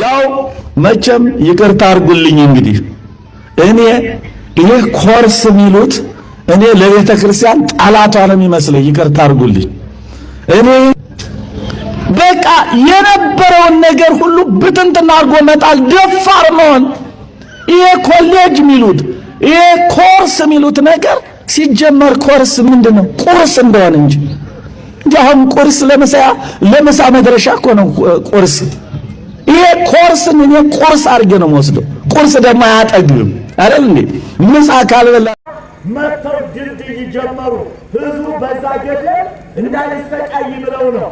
ያው መቼም ይቅርታ አርጉልኝ እንግዲህ እኔ ይሄ ኮርስ የሚሉት እኔ ለቤተ ክርስቲያን ጠላቷ ነው የሚመስለኝ። ይቅርታ አርጉልኝ። እኔ በቃ የነበረውን ነገር ሁሉ ብትንትና አርጎ መጣል ደፋር መሆን። ይሄ ኮሌጅ የሚሉት ይሄ ኮርስ የሚሉት ነገር ሲጀመር ኮርስ ምንድን ነው? ቁርስ እንደሆነ እንጂ እንዲህ አሁን ቁርስ ለምሳ ለምሳ መድረሻ እኮ ነው ቁርስ ይሄ ኮርስን እኔ ቁርስ አድርጌ ነው የምወስደው። ቁርስ ደግሞ አያጠግብም አይደል እንዴ? ምሳ ካልበላ መጥተው ድልድይ ጀመሩ። ህዝቡ በዛ ገደል እንዳይሰቃይ ብለው ነው።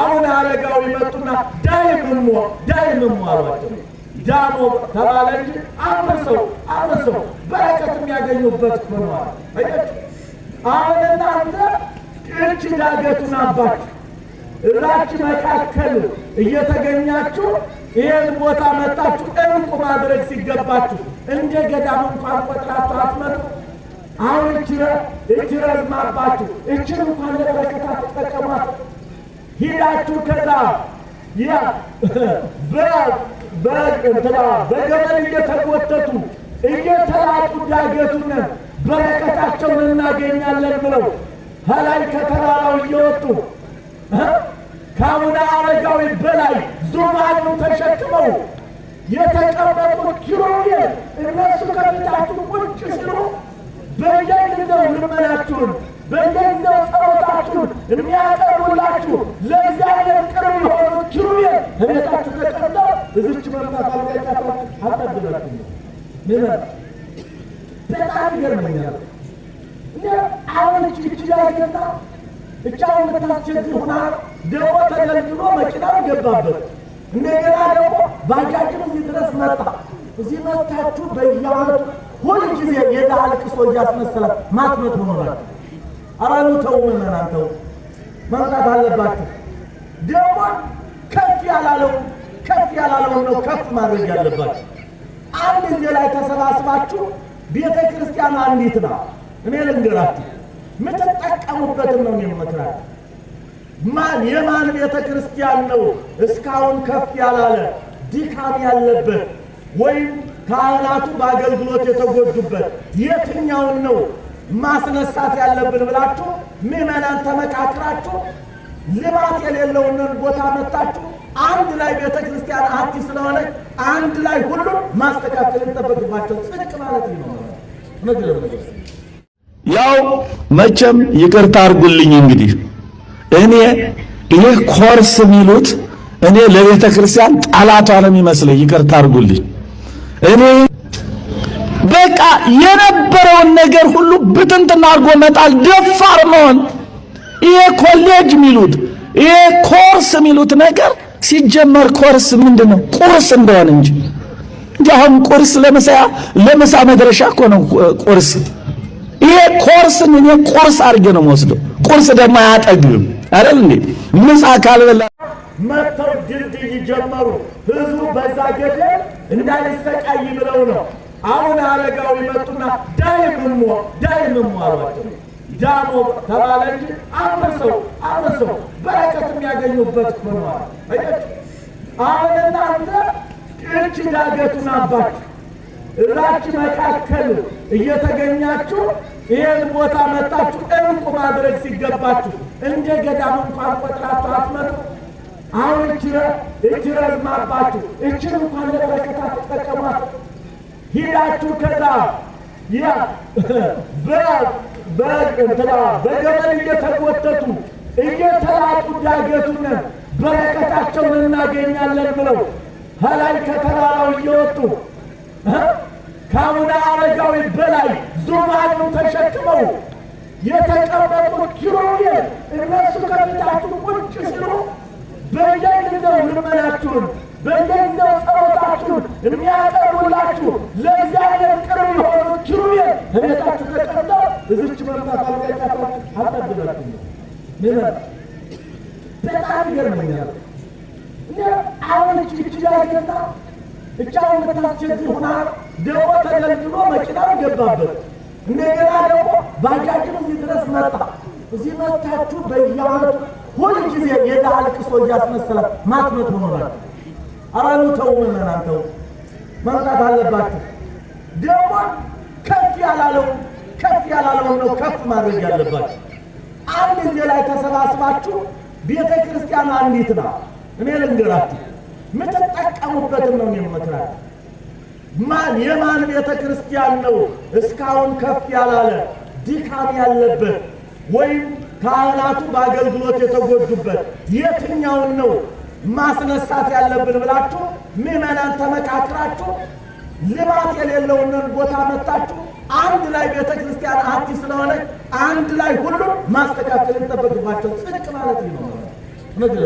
አሁን አረጋዊ መጡና ዳይምሞ ዳይምሞ አሏቸው። ዳሞ ተባለ እንጂ አፍርሰው አፍርሰው በረከት የሚያገኙበት ሆነዋል። አሁን እናንተ እች ዳገቱን አባት እዛች መካከል እየተገኛችሁ ይህን ቦታ መጣችሁ እንቁ ማድረግ ሲገባችሁ እንደ ገዳም እንኳን ቆጥራችሁ አትመጡ። አሁን እችረ እችረ ዝማባችሁ እችር እንኳን ለበረከታ ተጠቀሟት። ሂዳችሁ ከዛ በገመል እየተጎተቱ እየተላጡ ዳገቱን በረከታቸውን እናገኛለን ብለው ከላይ ከተራራው እየወጡ ከአቡነ አረጋዊ በላይ ዙፋኑን ተሸክመው የተቀመጡት ኪሩቤል እነሱ ከፊታችሁ ቁጭ ሲሉ በየጊዜው ልመናችሁን በየጊዜው ጸሎታችሁን የሚያቀርቡላችሁ ለእግዚአብሔር ቅርብ የሆኑ ኪሩቤል እነታችሁ ተቀምጠው እዚች መምጣት አልቀጫቸው አጠግባችሁ ምን በጣም ይገርመኛል። እ አሁን እችያጌታ እቻሁን ምታስቸግር ሁና ደግሞ ተገልግሎ መኪናው ገባበት እንደገና ደግሞ ባጃጅም እዚህ ድረስ መጣ። እዚህ መታችሁ በየዓመቱ ሁልጊዜ የድሃ ልቅሶ እያስመሰለ ማትመት ሆኖላችሁ። ኧረ ኑ ተው፣ ምዕመናን ተው፣ መምጣት አለባችሁ። ደግሞ ከፍ ያላለው ከፍ ያላለው ነው ከፍ ማድረግ ያለባችሁ። አንድ ጊዜ ላይ ተሰባስባችሁ ቤተ ክርስቲያን አንዲት ነው። እኔ ልንገራችሁ፣ የምትጠቀሙበትን ነው እኔ ማን የማን ቤተ ክርስቲያን ነው እስካሁን ከፍ ያላለ ድካም ያለበት ወይም ካህናቱ በአገልግሎት የተጎዱበት የትኛውን ነው ማስነሳት ያለብን ብላችሁ ምዕመናን ተመካክራችሁ ልማት የሌለውን ቦታ መታችሁ አንድ ላይ ቤተ ክርስቲያን አቲ ስለሆነ አንድ ላይ ሁሉ ማስተካከል ይጠበቅባቸው። ጽድቅ ማለት ነው። ያው መቼም ይቅርታ አርጉልኝ እንግዲህ እኔ ይሄ ኮርስ ቢሉት እኔ ለቤተ ክርስቲያን ጠላቷ ነው የሚመስለኝ። ይቅርታ አድርጉልኝ። እኔ በቃ የነበረውን ነገር ሁሉ ብትንትና አድርጎ መጣል ደፋር መሆን። ይሄ ኮሌጅ የሚሉት ይሄ ኮርስ የሚሉት ነገር ሲጀመር ኮርስ ምንድን ነው? ቁርስ እንደሆነ እንጂ እንጂ አሁን ቁርስ ለምሳ ለምሳ መድረሻ እኮ ነው ቁርስ። ይሄ ኮርስን እኔ ቁርስ አድርጌ ነው የምወስደው። ቁርስ ደግሞ አያጠግብም። አይደል እንዴ? ምሳ ካልበላ መጥተው ድልድይ ጀመሩ። ህዝቡ በዛ ገደል እንዳይሰቃይ ብለው ነው። አሁን አረጋዊ መጡና ዳይምሞ ዳይምሞ አሏቸው። ዳሞ ተባለ እንጂ አፍርሰው አፍርሰው በረከት የሚያገኙበት ሆኗል። አሁን እናንተ እች ዳገቱን አባት እዛች መካከል እየተገኛችሁ ይህን ቦታ መጣችሁ እንቁ ማድረግ ሲገባችሁ እንደ ገዳም እንኳን ቆጥራችሁ አትመጡ። አሁን እች ረዝማባችሁ እችን እንኳን ለበረከታ ተጠቀሟት። ሂዳችሁ ከዛ በገመል እየተጎተቱ እየተላጡ ዳገቱን በረከታቸውን እናገኛለን ብለው ከላይ ከተራራው እየወጡ ከአቡነ አረጋዊ በላይ ዙፋኑን ተሸክመው የተቀመጡ ኪሩቤል እነሱ ከፊታችሁ ቁጭ ሲሉ በየጊዜው ልመናችሁን በየጊዜው ጸሎታችሁን የሚያቀርቡላችሁ ለእግዚአብሔር ቅርብ የሆኑ ኪሩቤል እነታችሁ ተቀምጠው እዝች መምጣት አልቀጫቸው አጠብላችሁ ምመ በጣም ይገርመኛል። አሁን ያገና እቻሁን በታስቸግር ሁና ደግሞ ተገልግሎ መኪናው ገባበት እንደገና ደግሞ ባጃጅም እዚህ ድረስ መጣ። እዚህ መታችሁ በየዓመቱ ጊዜ የድሃ ልቅሶ እያስመሰለ ማትመት ሆኖላችሁ። ኧረ ኑ ተው፣ ምዕመናን ተው፣ መምጣት አለባችሁ። ደግሞ ከፍ ያላለው ከፍ ያላለውን ነው ከፍ ማድረግ ያለባችሁ። አንድ ጊዜ ላይ ተሰባስባችሁ ቤተ ክርስቲያን አንዲት ናት። እኔ ልንገራችሁ፣ የምትጠቀሙበትን ነው የምመክራችሁ ማን የማን ቤተ ክርስቲያን ነው እስካሁን ከፍ ያላለ ድካም ያለበት ወይም ካህናቱ በአገልግሎት የተጎዱበት የትኛውን ነው ማስነሳት ያለብን ብላችሁ ምዕመናን ተመካክራችሁ ልማት የሌለውን ቦታ መታችሁ አንድ ላይ ቤተ ክርስቲያን አዲስ ስለሆነ አንድ ላይ ሁሉም ማስተካከል ይጠበቅባቸው። ጽድቅ ማለት ነው።